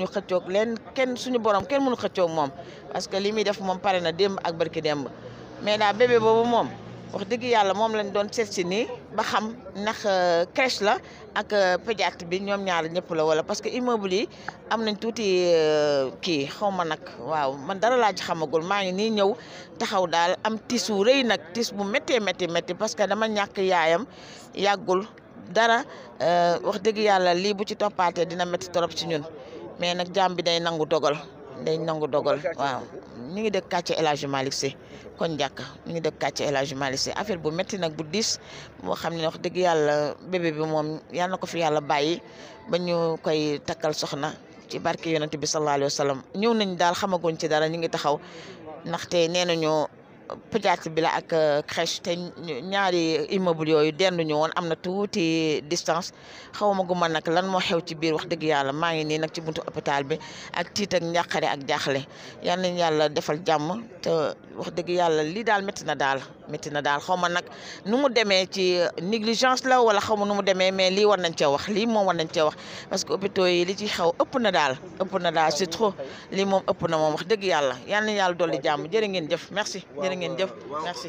mënuñu xëccoog leen kenn suñu borom kenn mënu xëccoog moom parce que lii muy def moom pare na démb ak barki démb mais daa bébé boobu moom wax dëgg yàlla moom lañ doon seet si nii ba xam ndax euh, crèche la ak euh, pédiatre bi ñoom ñaar ñëpp la wala parce que immeuble yi am nañ tuuti euh, kii xaw ma nag waaw man dara laaj xamagul maa ngi nii ñëw taxaw daal am tiis wu rëy nag tiis bu méttee métti métti parce que dama ñàkk yaayam yàggul dara wax dëgg yàlla lii bu ci toppaatee dina métti trop ci ñun. mais nag jaam bi day nangu dogal day nangu dogal waaw ñu ngi dëkk kàcce El Hadj Malick Sy kon jàkk ñu ngi dëkk kàcce El Hadj Malick Sy affaire bu métti nag bu diis moo xam ne wax dëgg yàlla bébé bi moom yal na ko fi yàlla bàyyi ba ñu koy takkal soxna ci barke yonent bi sallallahu alayhi ñëw nañ daal xamaguñ ci dara ñu ngi taxaw ndaxte nee nañu Pejaati bi la ak crèche te ñaari immeuble yooyu denduñu woon am na tuuti distance xaw ma gu ma nag lan moo xew ci biir wax dëgg yàlla maa ngi nii nag ci buntu hôpital bi ak tiit ak njàqare ak jaaxle yal nañu yàlla defal jàmm te wax dëgg yàlla lii daal métti na daal métti na daal xaw ma nu mu demee ci négligence la wala xaw ma nu mu demee mais lii war nañ cee wax lii moom war nañ cee wax parce que hôpitaux yi li ci xew ëpp na daal ëpp na daal c'est trop lii moom ëpp na moom wax dëgg yàlla yal nañu yàlla dolli jàmm jërë ngeen jëf merci jërë ngeen jëf merci.